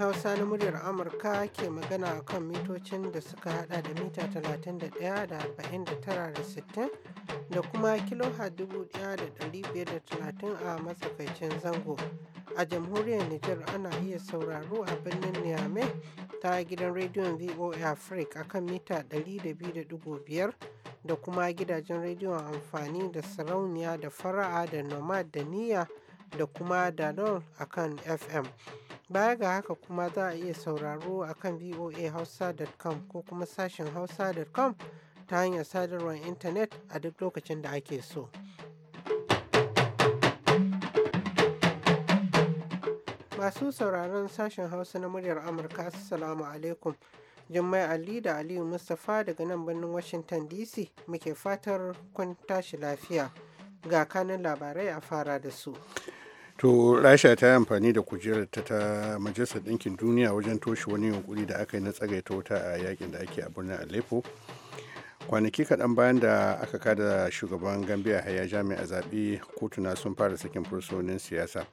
Hausa na muryar Amurka ke magana kan mitocin da suka hada da mita 31 da 49 da 60 da kuma kiloha a matsakaicin zango. A jamhuriyar Nijar ana iya sauraro a birnin Niamey ta gidan rediyon VOA Africa akan mita 200.5 da kuma gidajen rediyon amfani da sarauniya da fara'a da nomad da niyya. da kuma Dalol a kan FM. Baya ga haka kuma za a iya sauraro a kan voahausa.com ko kuma sashen hausa.com ta hanyar sadarwar intanet a duk lokacin da ake so. Masu sauraron sashen Hausa na muryar Amurka, Assalamu alaikum. Jummai Ali da Aliyu Mustapha daga nan birnin Washington DC muke fatar kun tashi lafiya. Ga kanin labarai a fara da su. to rasha ta yi amfani da kujerar ta ta majalisar ɗinkin duniya wajen toshe wani yunkuri da aka yi na tsagaita wuta a yakin da ake a birnin aleppo kwanaki kaɗan bayan da aka kada shugaban gambia haya jami'a zaɓe kotuna sun fara sakin fursunonin siyasa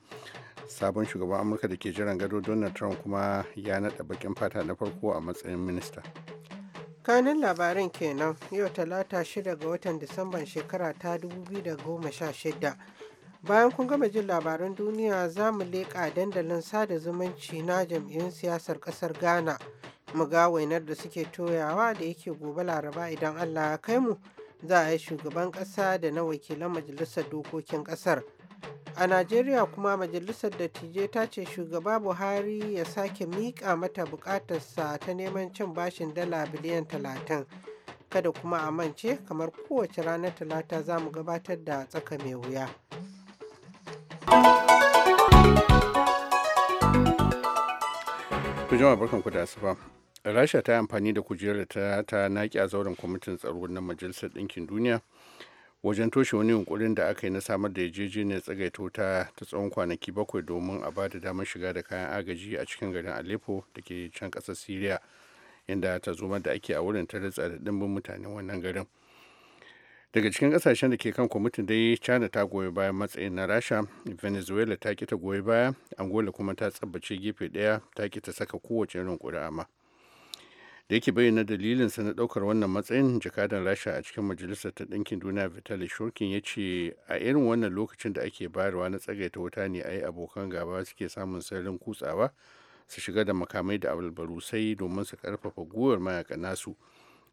sabon shugaban amurka da ke jiran gado donald trump kuma ya naɗa bakin fata na farko a matsayin minista kanin labarin kenan yau talata 6 ga watan disamban shekara ta 2016 Bayan kun gama jin labaran duniya za mu leƙa dandalin sada zumunci na jam'iyyun siyasar ƙasar Ghana mu ga wainar da suke toyawa da yake gobe laraba idan Allah ya kai mu za a yi shugaban ƙasa da na wakilan majalisar dokokin ƙasar. A Najeriya kuma majalisar dattijai ta ce shugaba Buhari ya sake miƙa mata buƙatarsa ta neman cin bashin dala biliyan talatin. Kada kuma a mance kamar kowace ranar talata za mu gabatar da tsaka mai wuya. ku barkan ku da asuba rasha ta yi amfani da kujerar ta ta naki a zauren kwamitin tsaro na majalisar ɗinkin duniya wajen toshe wani yunkurin da aka yi na samar da yarjejeniyar tsagaito ta ta tsawon kwanaki bakwai domin a ba da damar shiga da kayan agaji a cikin garin aleppo da ke can ƙasar syria inda ta zoma da ake a wurin ta ritsa da ɗimbin mutanen wannan garin daga cikin kasashen da ke kan kwamitin dai china ta goyi bayan matsayin na rasha venezuela ta kita ta goyi baya angola kuma ta tsabbace gefe daya ta kita saka kowace irin ƙuri'a amma da yake bayyana dalilin sa na daukar wannan matsayin jakadan rasha a cikin majalisar ta ɗinkin duniya vitali shurkin ya ce a irin wannan lokacin da ake bayarwa na tsagaita wuta ne a yi abokan gaba suke samun sirrin kutsawa su shiga da makamai da albarusai domin su karfafa guwar mayaka nasu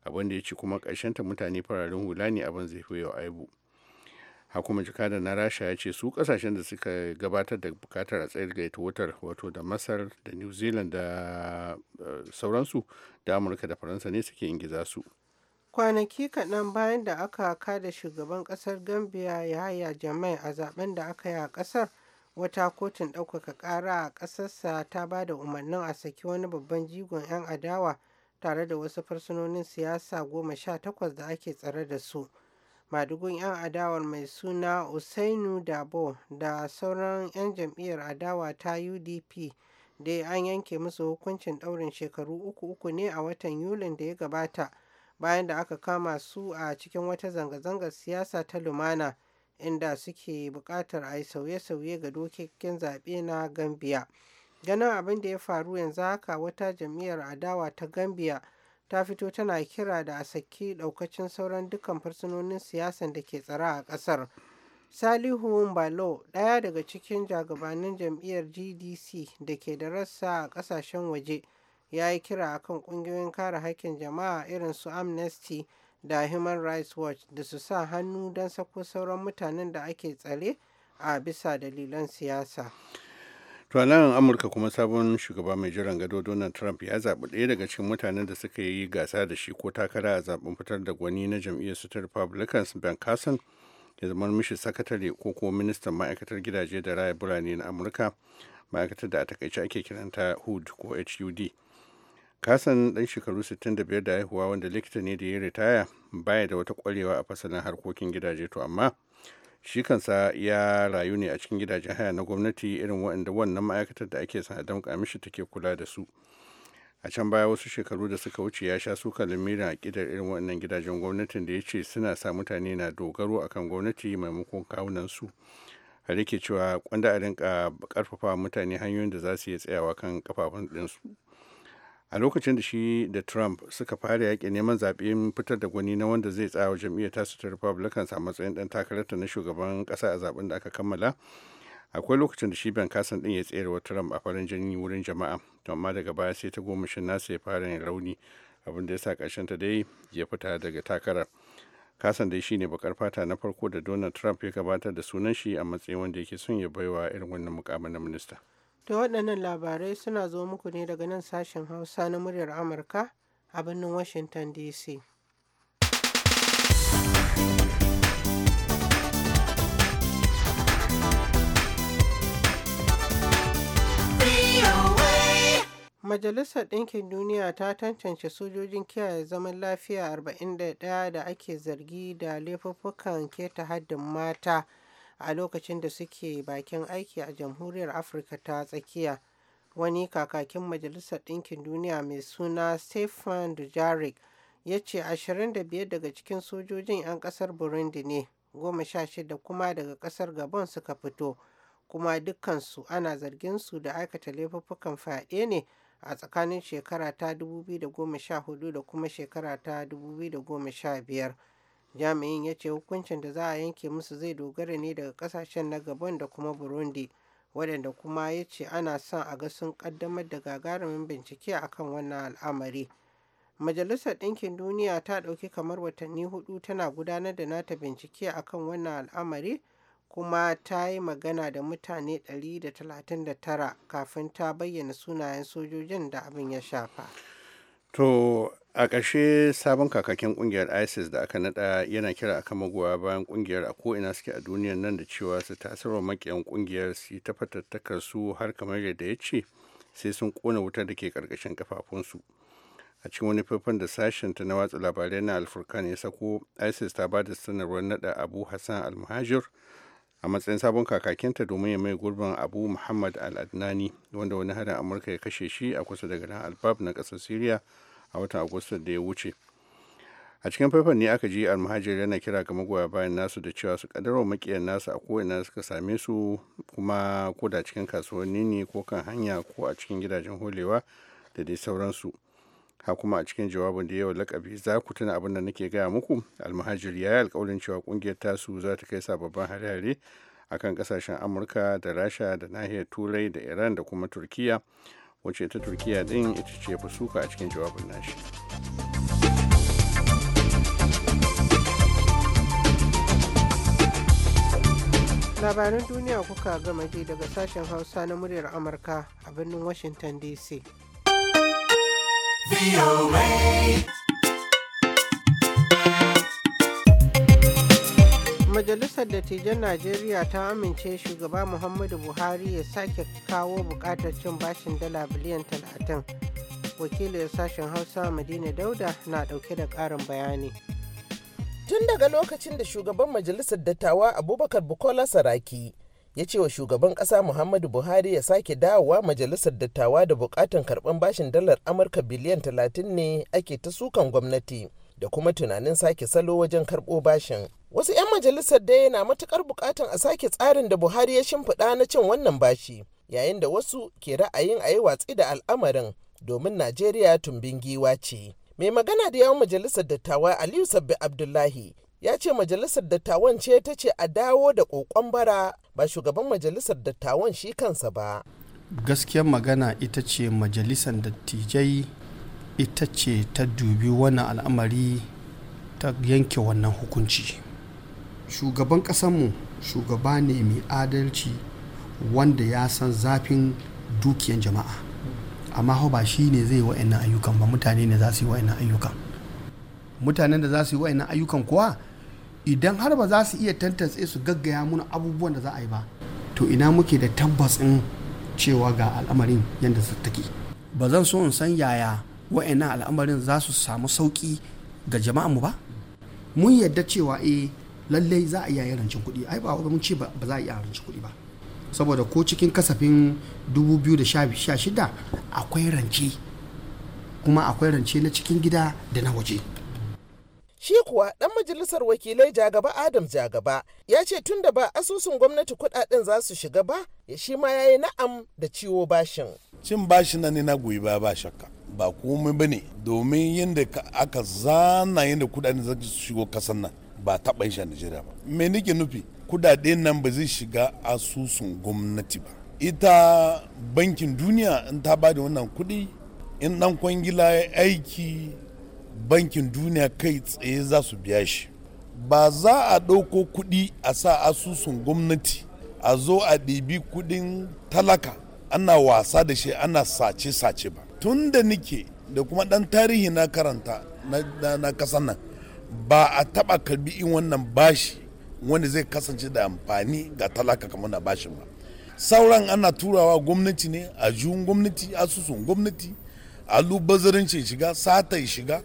abin da ya ci kuma ta mutane fararen hula ne abin zai fi yau aibu hakuma jikada na rasha ya ce su ƙasashen da suka gabatar da bukatar a tsayar ga wutar wato da masar da new zealand da eh, sauransu da amurka da faransa ne suke ingiza su kwanaki kaɗan bayan da aka kada shugaban ƙasar gambia yahaya jamai a zaben da aka yi a ƙasar wata kotun ɗaukaka ƙara a ƙasarsa ta ba da umarnin a saki wani babban jigon 'yan adawa tare da wasu fursunonin siyasa goma sha takwas da ake tsare da su madugun 'yan adawar mai suna usainu dabo da sauran 'yan jam'iyyar adawa ta udp dai an yanke musu hukuncin daurin shekaru uku uku ne a watan yulin da ya gabata bayan da aka kama su a cikin wata zanga-zangar siyasa ta lumana inda suke buƙatar a yi sauye-sauye ga dokokin zaɓe na gambia Ganin abin da ya faru yanzu haka wata jam'iyyar adawa ta Gambia ta fito tana kira da a saki daukacin sauran dukkan fursunonin siyasan da ke tsara a kasar. Salihu Mbalo, ɗaya daga cikin jagabannin jam'iyyar GDC da ke da rassa a ƙasashen waje, ya yi kira a kan ƙungiyoyin kare haƙƙin jama'a irin su Amnesty da Human Rights Watch da su sa hannu don sako sauran mutanen da ake tsare a bisa dalilan siyasa. to nan amurka kuma sabon shugaba mai jiran gado donald trump ya zaɓi ɗaya daga cikin mutanen da suka yi gasa da shi ko takara a zaɓen fitar da gwani na jam'iyyar su ta republicans ben carson ya zama mishi sakatare ko kuma ministan ma'aikatar gidaje da raya birane na amurka ma'aikatar da a takaice ake kiranta hud ko hud kasan ɗan shekaru 65 da haihuwa wanda likita ne da ya ritaya baya da wata kwarewa a fasalin harkokin gidaje to amma shi kansa ya rayu ne a cikin gidajen haya na gwamnati irin waɗanda wannan ma'aikatar da ake son a take kula da su a can baya wasu shekaru da suka wuce ya sha suka lamirin a ƙidar irin wannan gidajen gwamnatin da ya ce suna sa mutane na dogaro a kan gwamnati maimakon kawunan su har yake cewa kwanda a rinka ƙarfafa mutane hanyoyin da za su iya tsayawa kan kafafun ɗinsu. a lokacin da shi da trump suka fara yaƙi neman zaɓen fitar da gwani na wanda zai tsaya jam'iyyar tasu ta republican a matsayin ɗan takararta na shugaban ƙasa a zaɓen da aka kammala akwai lokacin da shi ban kasan ɗin ya tsayarwa trump a farin jini wurin jama'a to amma daga baya sai ta gomashin nasa ya fara yin rauni abin da ya sa ƙarshen ta dai ya fita daga takarar kasan dai shine bakar fata na farko da donald trump ya gabatar da sunan shi a matsayin wanda yake son ya baiwa irin wannan mukamin na minista To waɗannan labarai suna zo muku ne daga nan sashen Hausa na muryar Amurka a birnin Washington DC. Majalisar Ɗinkin Duniya ta tantance sojojin kiyaye zaman lafiya 41 da ake zargi da laifuffukan keta haddin mata a lokacin da suke bakin aiki a jamhuriyar afirka ta tsakiya wani kakakin majalisar ɗinkin duniya mai suna stephen dujarric ya ce 25 daga cikin sojojin 'yan ƙasar burundi ne goma sha kuma daga ƙasar gabon suka fito kuma dukkansu ana zargin su da aikata laifuffukan fyaɗe ne a tsakanin shekara ta 2014 da kuma shekara ta 2015 jami'in ya ce hukuncin da za a yanke musu zai dogara ne daga kasashen na gabon da kuma burundi waɗanda kuma ya ce ana son a ga sun ƙaddamar da gagarumin bincike akan wannan al'amari majalisar ɗinkin duniya ta ɗauki kamar watanni hudu tana gudanar da nata bincike akan wannan al'amari kuma ta yi magana da mutane 139 kafin ta bayyana sunayen sojojin da abin ya shafa to a ƙarshe sabon kakakin ƙungiyar isis da aka naɗa yana kira akan magoya bayan ƙungiyar a ko'ina suke a duniyar nan da cewa su tasirwa makiyan ƙungiyar su ta fatattakar su har kamar yadda ya ce sai sun kona wutar da ke ƙarƙashin kafafunsu a cikin wani faifan da sashen ta na watsa labarai na alfurkan ya sako isis ta ba da sanarwar nada abu hassan almuhajir a matsayin sabon kakakinta domin ya mai gurbin abu muhammad al-adnani wanda wani harin amurka ya kashe shi a kusa da garin albab na ƙasar syria a watan agusta da ya wuce a cikin faifan ne aka ji almahajir yana kira ga magoya bayan nasu da cewa su kadarwa makiyan nasu a ko'ina suka same su kuma ko da cikin kasuwanni ne ko kan hanya ko a cikin gidajen holewa da dai sauransu ha kuma a cikin jawabin da yawa lakabi za ku tuna abin da nake gaya muku almahajir ya yi alkawarin cewa kungiyar tasu za ta kai sababbin hare-hare kan kasashen amurka da rasha da nahiyar turai da iran da kuma turkiya wacce ta turkiya din ita ce fi suka a cikin jawabin nashi labaran duniya kuka gama ji daga sashen hausa na muryar amurka a birnin washington dc Majalisar Dattijan Najeriya ta amince shugaba Muhammadu Buhari ya sake kawo bukatar cin bashin dala biliyan talatin. Wakilin sashen Hausa Madina Dauda na dauke da karin bayani. Tun daga lokacin da shugaban Majalisar Dattawa Abubakar Bukola Saraki ya ce wa shugaban ƙasa Muhammadu Buhari ya sake dawowa Majalisar Dattawa da bukatan karɓar bashin dalar Amurka biliyan talatin ne ake ta sukan gwamnati. da kuma tunanin sake salo wajen karɓo bashin. Wasu 'yan majalisar dai na matuƙar buƙatan a sake tsarin da Buhari ya shimfiɗa na cin wannan bashi, yayin da wasu ke ra'ayin a yi watsi da al'amarin domin Najeriya tumbin giwa ce. Mai magana da yawon majalisar dattawa Aliyu Sabbi Abdullahi ya ce majalisar dattawan ce ta ce a dawo da kokon bara ba shugaban majalisar dattawan shi kansa ba gaskiyar magana ita ce majalisar dattijai ita ce ta dubi wannan al'amari ta yanke wannan hukunci shugaban ƙasanmu shugaba ne mai adalci wanda ya san zafin dukiyan jama'a amma ba shi ne zai wa'annan ayyukan ba mutane ne za su yi wa'annan ayyukan mutanen da za su yi wa'annan ayyukan kuwa idan har ba za su iya tantance su gaggaya mun abubuwan da za a yi ba to ina muke da tabbacin cewa ga al'amarin yadda su take ba zan so in san yaya wa'annan al'amarin za su samu sauki ga mu ba mun yadda cewa eh lallai za a iya rancin kuɗi ai ba mun ce ba za a iya rancin kuɗi ba saboda ko cikin kasafin 2016 akwai rance kuma akwai rance na cikin gida da na waje shi kuwa dan majalisar wakilai jagaba adam jagaba ya ce tun da ba asusun gwamnati kudaden za su shiga ba shi ma ya yi na'am da ciwo bashin cin bashin nan ne na goyi ba ba shakka ba komai ba ne domin yadda aka zana yadda kudaden za su shigo kasar nan ba taɓa yin shi a ba. Me nake nufi kudaden nan ba zai shiga asusun gwamnati ba. Ita bankin duniya in ta ba da wannan kuɗi in ɗan kwangila ya aiki bankin duniya kai tsaye za su biya shi. Ba za a ɗauko kuɗi a sa asusun gwamnati a zo a ɗibi kuɗin talaka ana wasa da shi ana sace-sace ba. tun da nike da kuma dan tarihi na karanta na kasan nan ba a taba karbi in wannan bashi wanda zai kasance da amfani ga talaka kamar na bashin ba sauran ana turawa gwamnati ne a juyin gwamnati asusun gwamnati alubazarancin shiga sata shiga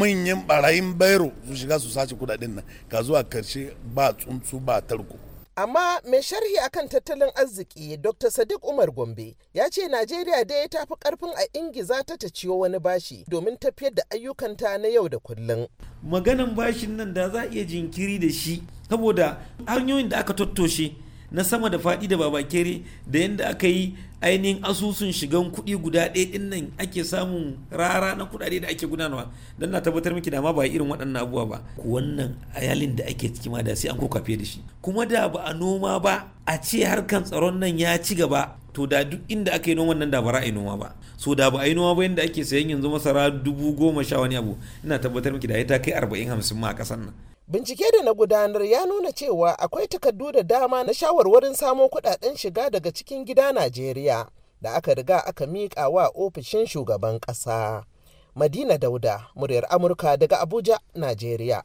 manyan barayin bairo su shiga su sace kudaden nan ka zuwa karshe ba tsuntsu ba tarko Amma mai sharhi akan tattalin arziki Dr. Sadiq Umar Gombe ya ce Najeriya dai ta fi karfin a ingiza ta ta ciyo wani bashi domin tafiyar da ayyukanta na yau da kullum. Maganan bashin nan da za a iya jinkiri da shi saboda hanyoyin da aka tattoshe na sama da faɗi da babakere da yadda aka yi ainihin asusun shigan kuɗi guda ɗaya ɗin nan ake samun rara na kuɗaɗe da ake gudanarwa don na tabbatar miki da ma ba irin waɗannan abubuwa ba wannan ayalin da ake ciki ma da sai an kokafe da shi kuma da ba a noma ba a ce harkan tsaron nan ya ci gaba to da duk inda aka yi noman nan da ba ra'ayi noma ba so da ba a yi noma ba yadda ake sayan yanzu masara dubu goma sha wani abu ina tabbatar miki da ya ta kai arba'in hamsin ma a ƙasar nan Bincike da na gudanar ya nuna cewa akwai takardu da dama na shawarwarin samo kudaden shiga daga cikin gida Najeriya da aka riga aka miƙa wa ofishin shugaban ƙasa. Madina Dauda, muryar Amurka daga Abuja, Najeriya.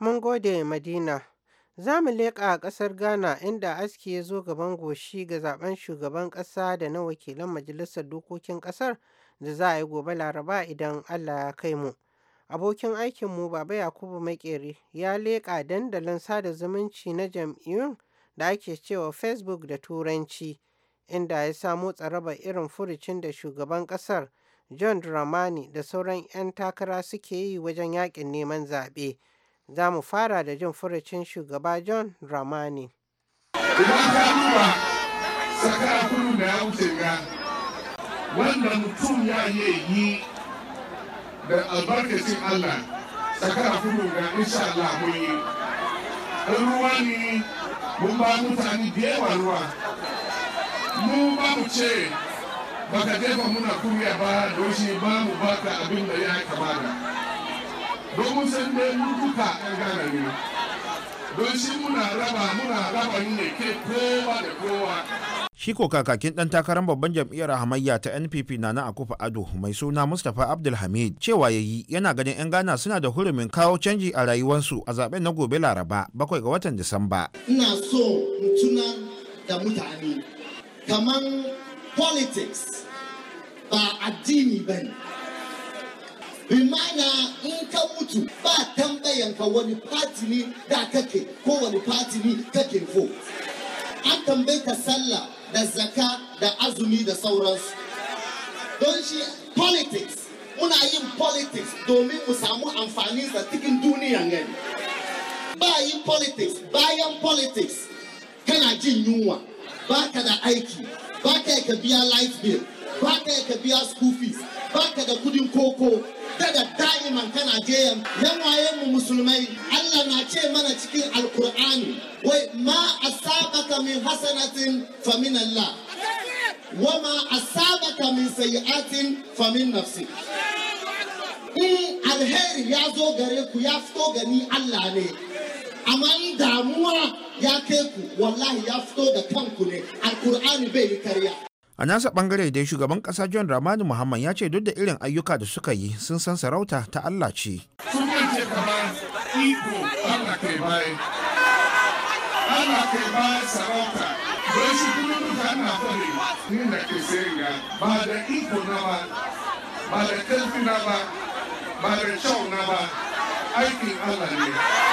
Mun gode Madina. Za mu leƙa a ƙasar Ghana inda aski ya zo gaban goshi ga zaben shugaban ƙasa da na wakilan majalisar dokokin ƙasar da za a yi gobe laraba idan Allah ya kai mu. Abokin aikinmu Baba Yakubu Makeri ya leƙa dandalin sada zumunci na jam'iyyun da ake cewa Facebook da Turanci, inda ya samo tsaraba irin furucin da shugaban ƙasar John Dramani da sauran 'yan takara suke yi wajen yaƙin neman zaɓe. Za mu fara da jin furucin shugaba John Dramani. wanda mutum ya yi da albarkacin Allah sakara fudu ga insha Allah mun yi ruwa ne mun ba mutane da yawa ruwa mu ba mu ce ba ka jefa muna kuriya ba don shi ba mu ba ka abin da ya kamata domin san dai mun duka gane ne don shi muna raba muna raba ne ke kowa da kowa shi ko kakakin ɗan takarar babban jam'iyyar hamayya ta npp na na akufa ado mai suna mustapha abdulhamid cewa ya yi yana ganin 'yan ghana suna da hurumin kawo canji a rayuwarsu a zaben na gobe laraba bakwai ga watan disamba ina so tuna da mutane kaman politics ba addini ba ne bimana in ka mutu ba tambayan ka wani fatini da kake ko wani fatini kake ko. an tambaye ka sallah da zaka da azumi da sauransu don shi politics muna yin politics domin mu samu amfani da cikin duniya gani ba yin politics bayan politics kana jin yunwa ba ka da aiki ba ka ka biya life bill ba ka ka biya school fees baka da kudin koko daga da'iman kana jeyan yan wayen mu musulmai Allah na ce mana cikin alkur'ani wai ma asabaka min hasanatin fa min Allah wa ma asabaka min sayi'atin fa min nafsi in alheri ya zo gare ku ya fito gani Allah ne amma in damuwa ya kai ku wallahi ya fito da kanku ne alkur'ani bai yi karya a nasa bangare dai shugaban kasa john ramani muhammad ya ce duk da irin ayyuka da suka yi sun san sarauta ta allah ce ba da iko na ba ba da ƙarfi na ba ba da kyau na ba aikin allah ne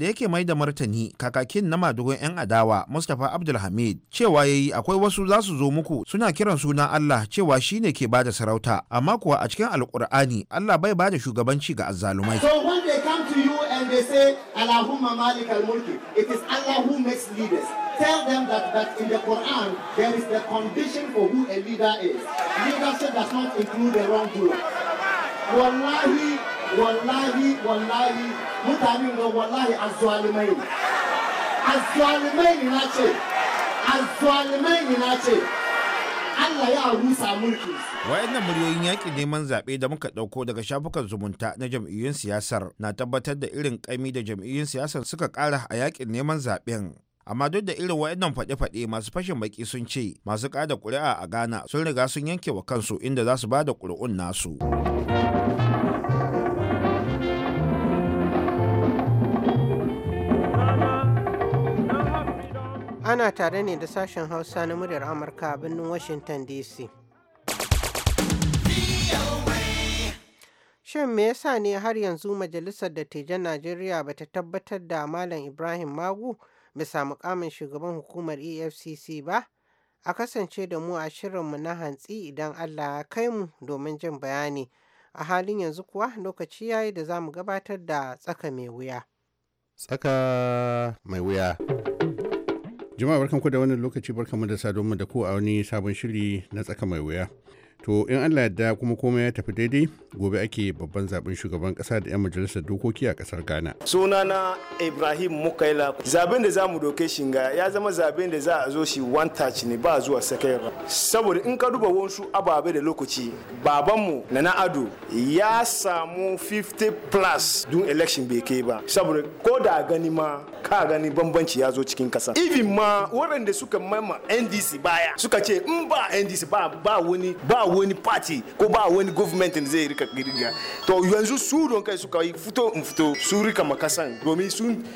da yake mai da martani kakakin na madugun 'yan adawa mustapha abdulhamid cewa ya yi akwai wasu za su zo muku suna kiran sunan allah cewa shi ne ke bada sarauta amma kuwa a cikin alkur'ani allah bai bada shugabanci ga azzalumai so when they come to you and they say allahumma malik mulki it is allah who makes leaders tell them that that in the quran there is the condition for who a leader is leadership does not include a wrongdoer wallahi wallahi wallahi mutane ga wallahi azzalimai ne ne na ce ne na ce Allah ya rusa mulki wayannan muryoyin yaƙi neman zaɓe da muka ɗauko daga shafukan zumunta na jam'iyyun siyasar na tabbatar da irin ƙami da jam'iyyun siyasar suka ƙara a yaƙin neman zaɓen amma duk da irin wayannan faɗe-faɗe masu fashin baki sun ce masu ƙada ƙuri'a a ghana sun riga sun yanke wa kansu inda za su ba da ƙuri'un nasu. Ana tare ne da sashen Hausa na muryar Amurka a birnin Washington DC. Shin me yasa ne har yanzu Majalisar da Dattijan Najeriya ba ta tabbatar da Malam Ibrahim Magu bisa mukamin shugaban hukumar EFCC ba? A kasance da mu a shirinmu na hantsi idan Allah ya kai mu domin jin bayani. A halin yanzu kuwa lokaci ya yi da za mu gabatar da tsaka mai wuya. Tsaka mai wuya. Jama'a ku da wannan lokaci mu da saduwa da ku a wani sabon shiri na tsaka mai wuya. to in allah yadda kuma komai ya tafi daidai gobe ake babban zaben shugaban kasa da 'yan majalisar dokoki a kasar ghana sunana ibrahim mukaila zaben da za mu doke shinga ya zama zaben da za a zo shi one touch ne ba zuwa ba saboda in ka duba wasu ababe da lokaci babanmu na na ado ya samu 50 plus dun election bai kai ba saboda ko da gani ma ka gani bambanci ya zo cikin kasa even ma waɗanda suka mama ndc baya suka ce in ba ndc ba ba wani ba wani party ko ba wani government da zai rika girga to yanzu su don kai suka yi fito in fito su rika makasan domin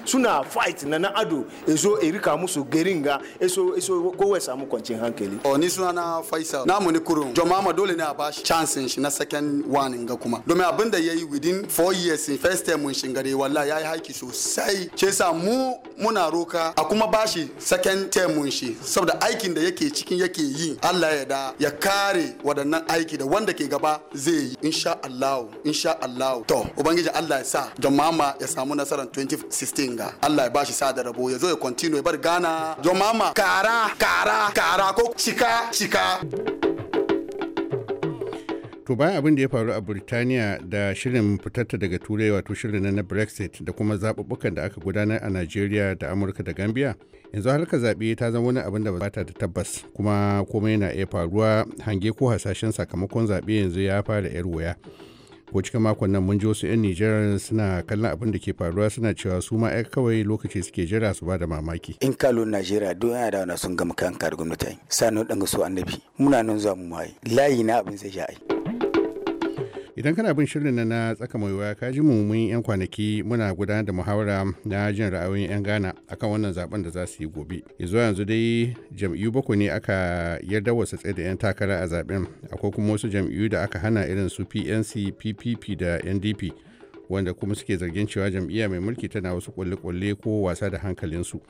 suna fight na na ado zo e rika musu geringa eso eso ko wai samu kwancin hankali o oh, ni suna na faisal namu ni kurun mama dole ne a bashi chance shi na second one ga kuma domin abin da yayi within 4 years in first term mun shingare wallahi yayi haiki sosai ce sa mu muna roka a kuma bashi second term mun shi saboda aikin da yake cikin yake yi Allah ya da ya kare wadannan wannan aiki da wanda ke gaba zai yi insha Allah insha Allah to ubangiji Allah ya sa mama ya samu nasarar 2016 ga Allah ya bashi sa da rabo ya zo ya continue ya bar Ghana mama. kara kara kara ko cika cika To bayan abin da ya faru a Burtaniya da shirin fitarta daga Turai wato shirin na Brexit da kuma zaɓuɓɓukan da aka gudanar a Najeriya da Amurka da Gambia, yanzu harkar zaɓe ta zama wani abin da ba ta da tabbas kuma komai na iya faruwa hange ko hasashen sakamakon zaɓe yanzu ya fara 'yar wuya. ko cikin makon nan mun ji wasu 'yan nijeriya suna kallon abin da ke faruwa suna cewa su ma kawai lokaci suke jira su ba da mamaki. In ka lo Najeriya duk yana da wani sun gama kayan da gwamnati. Sanu ɗan gasu su annabi. Muna nan za mu ayi Layi na abin zai sai ayi. idan kana bin shirin na na tsaka mai waya ka ji mummun yan kwanaki muna gudanar da muhawara na jin ra'ayoyin yan ghana akan wannan zaben da za su yi gobe zuwa yanzu dai jam'iyyu bakwai ne aka yarda wasu tsaye da yan takara a zaben akwai kuma wasu jam'iyyu da aka hana irin su pnc ppp da ndp wanda kuma suke zargin cewa jam'iyya mai mulki tana wasu kwalle-kwalle ko wasa da hankalinsu. su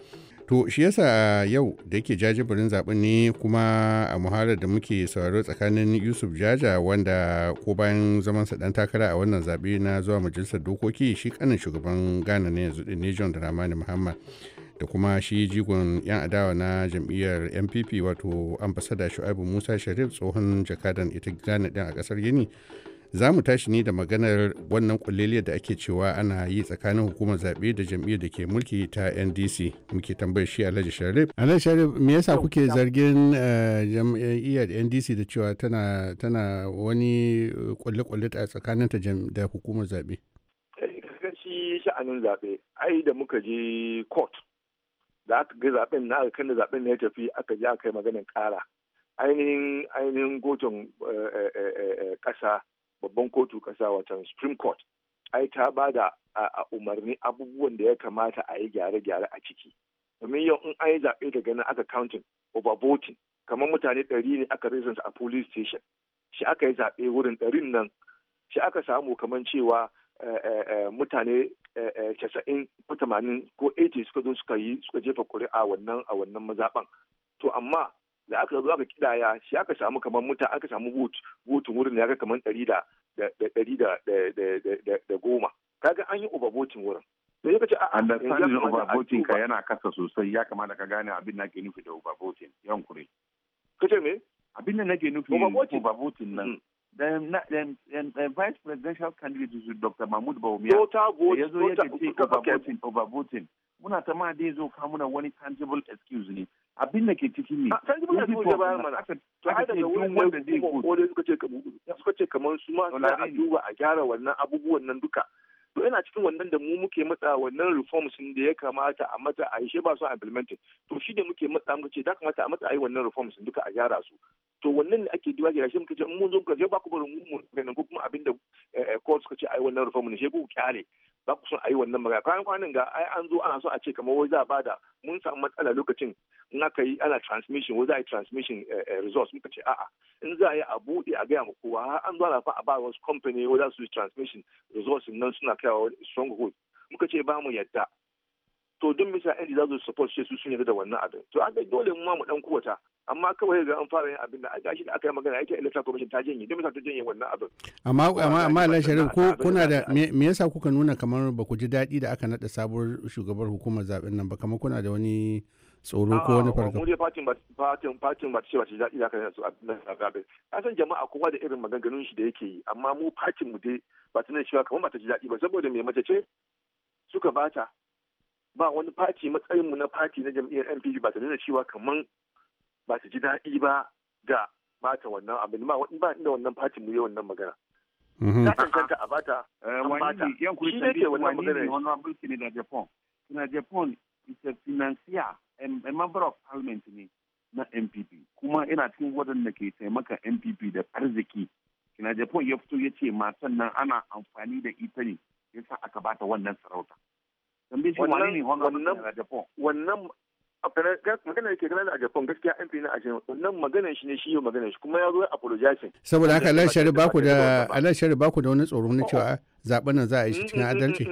to shi yasa yau da yake jajibirin zaɓen ne kuma a muhalar da muke sauraro tsakanin yusuf jaja wanda ko bayan zaman sa dan takara a wannan zaɓe na zuwa majalisar dokoki shi kanin shugaban ghana ne yanzu ne john ramani muhammad da kuma shi jigon 'yan adawa na jam'iyyar npp wato ambasada shu'aibu musa sharif tsohon jakadan ita ghana ɗin a ƙasar gini. za mu tashi ne da maganar wannan kulliliyar da ake cewa ana yi tsakanin hukumar zaɓe da jam'iyyar da ke mulki ta ndc muke tambayar shi alhaji sharif alhaji sharif me yasa kuke zargin eh, jam'iyyar ndc da cewa tana tana wani eh, kulle-kulle a tsakanin ta da hukumar zaɓe eh, shi sha'anin zaɓe ai da muka je court da aka ga zaɓen na aka kanda zaɓen na ya tafi aka je aka yi maganin ƙara ainihin ainihin ƙasa babban kotu kasa watan supreme court ai ta ba da umarni abubuwan da ya kamata a yi gyare-gyare a ciki domin yau in an yi zaɓe daga ganin aka counting voting kamar mutane ɗari ne aka rinsa a police station shi aka yi zaɓe wurin ɗarin nan shi aka samu kamar cewa eh, eh, eh, mutane casa'in ko tamanin ko 80 suka zo suka yi suka jefa kuri'a wannan a wannan mazaɓan to amma da aka zo aka kidaya shi aka samu kamar muta aka samu hutun wurin da ya ga kamar ɗari da ɗari da goma kaga an yi overvoting wurin sai ya kace a uba overvoting ka yana kasa sosai ya kamata ka gane abin da ke nufi da overvoting yan kure kace me abin da nake nufi overvoting nan mm. the vice presidential candidate is Dr. mahmud Bawumia. Total vote. Ya zo ya ce overvoting, overvoting. Muna ta ma dai zo muna wani tangible excuse ne. abin da ke ciki ne sai kuma da ya bayar mana aka ta daga wurin wanda zai ko suka ce suka ce kamar su ma a duba a gyara wannan abubuwan nan duka to yana cikin wannan da mu muke matsa wannan reforms din da ya kamata a mata a yi ba su implemented to shi da muke matsa muka ce da kamata a mata a yi wannan reforms din duka a gyara su to wannan ne ake diwa gida shi muka ce in mun zo muka je ba ku barin mu ganin ko kuma abinda eh, eh, court suka ce a yi wannan reform ne shi ku kyale ba ku son a yi wannan magana kwanan kwanan ga ai an zo ana so a ce kamar wai za a bada mun samu matsala lokacin in aka yi ana transmission ko za a yi transmission eh, eh, results muka ce a'a in za a yi a buɗe a gaya muku kowa an zuwa fa a ba wasu company ko za su yi transmission results nan suna kaiwa wani stronghold muka ce ba mu yadda to duk misa ɗin za su support ce su sun yadda da wannan abin to an ga dole mu ma mu dan kuwata amma kawai ga an fara yin abin da gashi da aka yi magana yake electoral commission ta janye duk misa ta janye wannan abin amma amma amma Allah sharif ko kuna da me yasa kuka nuna kamar ba ku ji daɗi da aka nada sabuwar shugabar hukumar zaben nan ba kamar kuna da wani tsoro ko wani fargaba. fatin fatin fatin ba ya kai su a gabe. An san jama'a kowa da irin maganganun shi da yake yi amma mu fatin mu dai ba ta cewa kamar ba ta ji daɗi ba saboda mai mace ce suka bata ba wani fati matsayin mu na fati na jam'iyyar NPP ba ta nuna cewa kamar ba ta ji daɗi ba da bata wannan abin ba ba inda wannan fatin mu yi wannan magana. Mhm. a bata. Eh, wani yan wani wani member of parliament ne na npp kuma ina cikin waɗanda ke taimaka npp da arziki kina japan ya fito ya ce matan nan ana amfani da ita ne yasa aka bata wannan sarauta tambayi shi wani ne wannan japan wannan maganar ke ganin a japan gaskiya an fi na a wannan maganar shi ne shi yau maganar shi kuma ya zo apologizing saboda haka alan shari baku da alan baku da wani tsoron na cewa zaben nan za a yi shi cikin adalci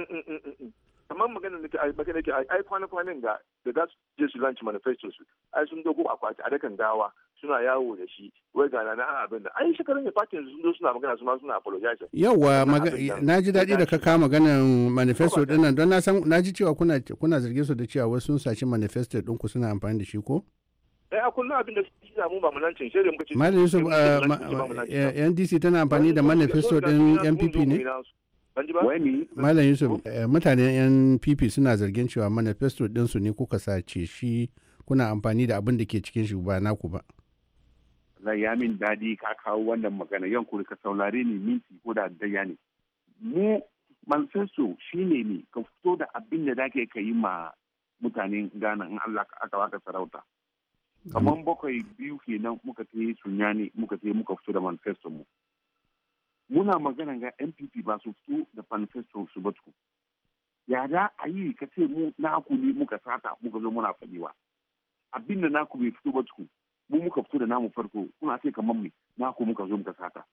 kamar magana da ai ake ai kwana kwanan ga da za su je su launch manifesto su ai sun dogo kwati a dakan gawa suna yawo da shi wai ga na abin da ai shekarun da fatin sun zo suna magana su ma suna apologize yawa na ji daɗi da ka kawo maganan manifesto din nan don na san na ji cewa kuna kuna zargin su da cewa wasu sun saci manifesto din ku suna amfani da shi ko eh a kullum abin da suke yi mu ba mu lancin shirin muka ce Malam Yusuf eh, NDC eh, eh, tana amfani da manifesto din MPP ne malam yusuf eh, mutanen yan pp suna zargin cewa manifesto ɗinsu ne kuka sace shi kuna amfani da abin da ke cikin shi ba naku ba na ya min daɗi ka kawo wannan magana yanku ka saulare ni minti ko da daya ne mu manifesto shine ne ka fito da abin da zaka ka yi ma mutanen Ghana in Allah aka baka sarauta kamar bakwai biyu kenan muka ta yi sunyani muka ta muka fito da manifesto mu muna magana ga npp ba su fito da manifesto su ba yada ya da a yi ka ce mu naku ne muka sata muka zo muna fadewa abin da naku bai fito ba tuku mu muka fito da namu farko kuna ce kamar me naku muka zo muka sata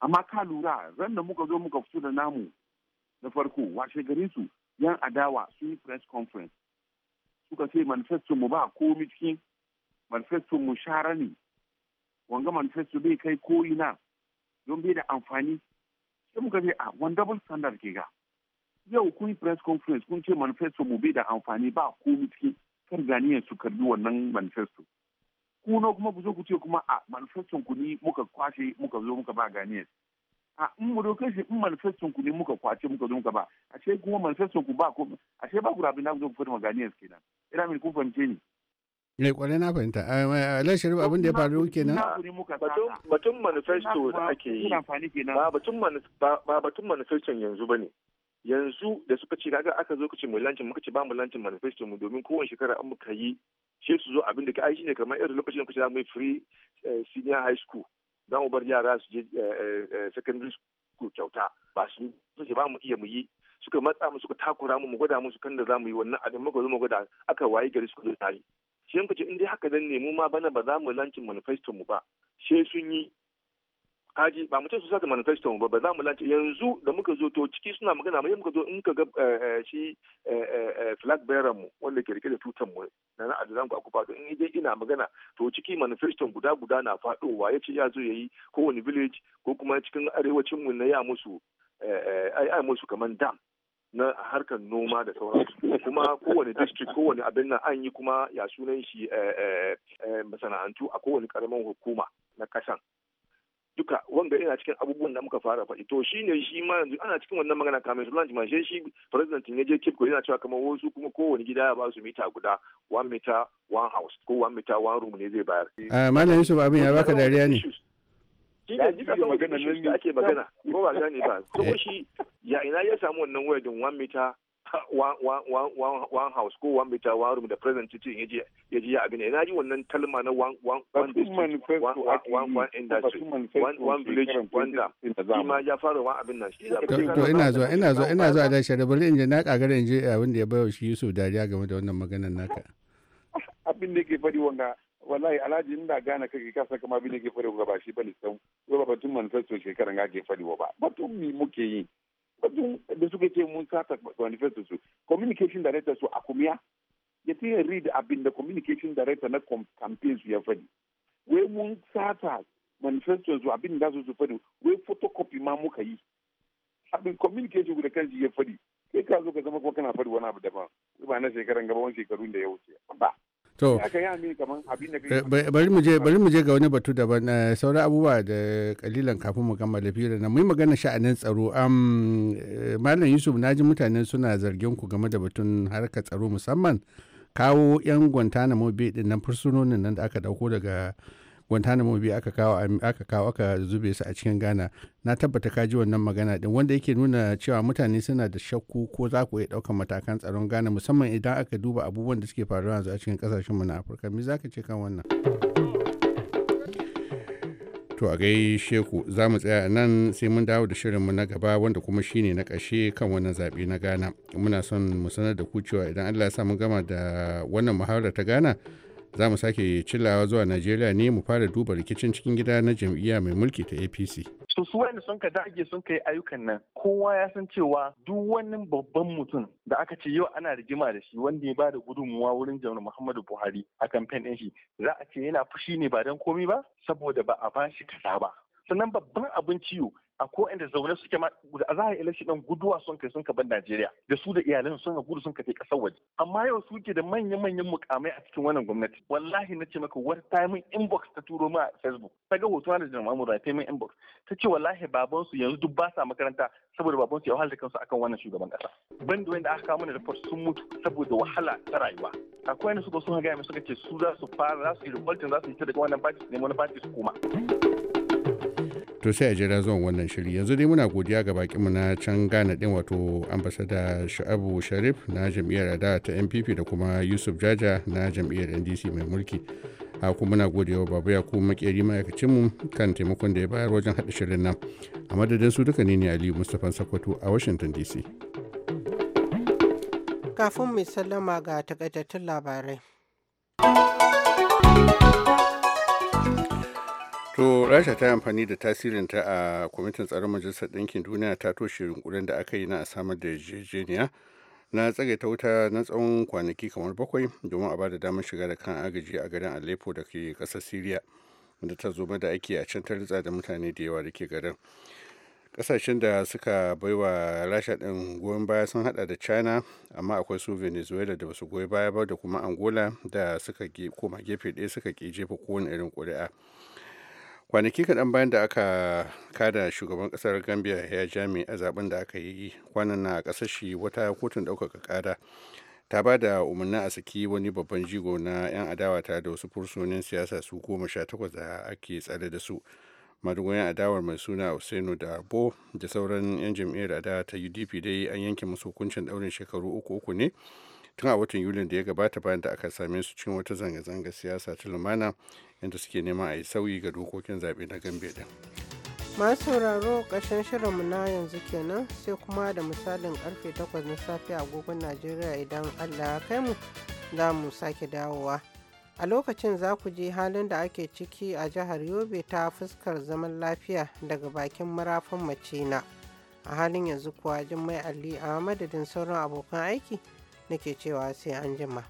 amma ka lura ran da muka zo muka fito da namu na farko washe gare su yan adawa sun yi press conference suka ce manifesto mu ba komi cikin manifesto mu shara ne wanga manifesto bai kai ko ina don bai da amfani sai muka ce a ah, wani double standard ke ga yau kun yi press conference kun ce manifesto mu bai da amfani ba ko ciki kar ganiya su karbi wannan manifesto kuno kuma ku zo ku ce kuma a ah, manifesto ku ni muka kwashe muka zo muka ba ganiya a ah, in mu doke shi in manifesto ku ne muka kwace muka zo muka ba a ce kuma manifesto ku ba ko ce ba ku rabin da ku zo ku fita maganiya kenan ina min kun fahimce ni ne kwarai na fahimta alai sharif abin da ya faru kenan batun manifesto da ake yi ba batun manifesto yanzu ba ne yanzu da suka ce kaga aka zo kace mu lancin muka ce ba mu lancin manifesto mu domin kowace shekara an muka yi sai su zo abin da ai shine kamar irin lokacin da za mu yi free eh, senior high school za mu bar yara su je eh, eh, secondary school kyauta ba su ce ba mu iya mu yi suka matsa mu suka takura mu mu gwada su kan da za mu yi wannan abin muka zo mu gwada aka wayi gari suka zo tare sai muka ce in dai haka zan nemo ma bana ba za mu lancin manifesto mu ba sai sun yi kaji ba mutum su saka manifesto ba ba za mu lance yanzu da muka zo to ciki suna magana mai muka zo in ka ga eh, eh, shi eh, flag bearer mu wanda ke rike da tutan mu na na adulan ku akufa in dai ina magana to ciki manifesto guda guda na fadowa yace ya zo yayi kowane village ko kuma cikin arewacin mu na ya musu ai ai musu kaman dam na harkar noma da sauransu kuma kowane district kowane abin nan an yi kuma ya sunan shi eh, eh, eh, masana'antu a kowane karamin hukuma na kasan duka wanda ina cikin abubuwan da muka fara faɗi to shi ne shi ma yanzu ana cikin wannan magana kamin su lanci ma shi shi president ne je ko yana cewa kamar wasu kuma kowane gida ya ba su mita guda one meter one house ko one meter one room ne zai bayar. malam yusuf abin ya baka dariya ne. shi ne jika sama magana nan ne ake magana ko ba gane ba eh. shi ya ina ya samu wannan waya din 1 meter one house ko one meter one room da president titin ya je ya abin ina ji wannan talma na one district one industry one village one dam shi ma ya fara wa abin nan shi to ina zuwa ina zuwa ina zuwa da shari'a bari in je na kagare in je abin da ya bayo shi Yusuf Dariya game da wannan maganar naka abin da ke faɗi wallahi alhaji ina gane kake ka saka ma bin ke fare ga ba shi bane san ko ba batun manifesto shekaran ga ke fare ba batun mi muke yi batun da suke ce mun sata manifesto su communication director su akumiya ya tiye read abin da communication director na campaign su ya fadi we mun sata manifesto su abin da su su fadi we photocopy ma muka yi abin communication da kanji ya fadi kai ka zo ka zama kuma kana fadi wani abu daban ba na shekaran gaba wani shekarun da ya wuce ba to eh, bari mu je ga wani batu daban eh, sauri abubuwa da kalilan kafin mu kammala fira na muyi magana sha'anin tsaro am eh, malam yusuf ji mutane suna zargin ku game da batun harkar tsaro musamman kawo yan guantanamo bay din nan fursunonin nan da aka dauko daga guantanamo bai aka kawo aka kawo aka zube su a cikin ghana na tabbata ka ji wannan magana din wanda yake nuna cewa mutane suna da shakku ko za ku iya ɗaukar matakan tsaron ghana musamman idan aka duba abubuwan da suke faruwa yanzu a cikin kasashen mu na afirka me za ka ce kan wannan to a gai sheku za mu tsaya nan sai mun dawo da shirinmu na gaba wanda kuma shine na kashe kan wannan zaɓe na ghana muna son mu sanar da ku cewa idan allah ya sa mun gama da wannan muhawara ta ghana za mu sake cillawa zuwa najeriya ne mu fara duba rikicin cikin gida na jam'iyya mai mulki ta apc su su wanda sun ka dage sun kai ayyukan nan kowa ya san cewa duk wani babban mutum da aka ce yau ana rigima da shi wanda ya bada gudunmuwa wurin janar muhammadu buhari a kamfen ɗin shi za a ce yana fushi ne ba dan komi ba saboda ba a ba shi kaza ba sannan babban abin ciwo a ko inda zaune suke ma a zahar election din guduwa sun kai sun kaban Najeriya da su da iyalan sun gudu sun kai kasar waje amma yau suke da manya-manyan mukamai a cikin wannan gwamnati wallahi na ce maka wata ta inbox ta turo ma a Facebook ta ga hoto da Jamal Mahmud ta min inbox ta ce wallahi baban su yanzu duk ba sa makaranta saboda baban su ya wahala kansu akan wannan shugaban kasa banda wanda aka kawo mana report sun mutu saboda wahala ta rayuwa akwai ne suka sun ga mai suka ce su za su fara za su yi revolting za su yi ta daga wannan party su nemi party su koma to sai a jira zuwan wannan shiri yanzu dai muna godiya ga bakinmu na can gane din wato ambasada sha'abu sharif na jam'iyyar adawa ta npp da kuma yusuf jaja na jam'iyyar ndc mai mulki a kuma muna godiya wa babu yaku makeri ma'aikacinmu kan taimakon da ya bayar wajen haɗa shirin nan a madadin su duka ne ne aliyu mustapha sakwato a washington dc kafin mu sallama ga takaitattun labarai to rasha ta amfani da tasirinta a kwamitin tsaron majalisar ɗinkin duniya ta toshe yunkurin da aka yi na a samar da yarjejeniya na ta wuta na tsawon kwanaki kamar bakwai domin a ba da damar shiga da kan agaji a garin aleppo da ke ƙasar syria da ta zo da ake a can ta da mutane da yawa da ke garin kasashen da suka baiwa rasha din goyon baya sun hada da china amma akwai su venezuela da basu goyi baya ba da kuma angola da suka koma gefe ɗaya suka ƙi jefa kowane irin ƙuri'a kwanaki kaɗan bayan da aka kada shugaban ƙasar gambia ya jami a zaben da aka yi kwanan na ƙasar shi wata kotun ɗaukaka ƙara ta ba da umarni a saki wani babban jigo na 'yan adawa ta da wasu fursunin siyasa su goma sha takwas da ake tsare da su yan adawar mai suna usainu da bo da sauran 'yan jam'iyyar adawa ta udp dai an yanke musu hukuncin ɗaurin shekaru uku uku ne tun a watan yulin da ya gabata bayan da aka same su cikin wata zanga-zanga siyasa ta lumana inda suke nema a yi sauyi ga dokokin zaɓe na gambe din masu sauraro ƙarshen shirinmu na yanzu kenan sai kuma da misalin karfe 8 na safe agogon najeriya idan allah ya kai mu za mu sake dawowa a lokacin za ku ji halin da ake ciki a jihar yobe ta fuskar zaman lafiya daga bakin marafin macina a halin yanzu kuwa jin mai ali a madadin sauran abokan aiki nake cewa sai an jima.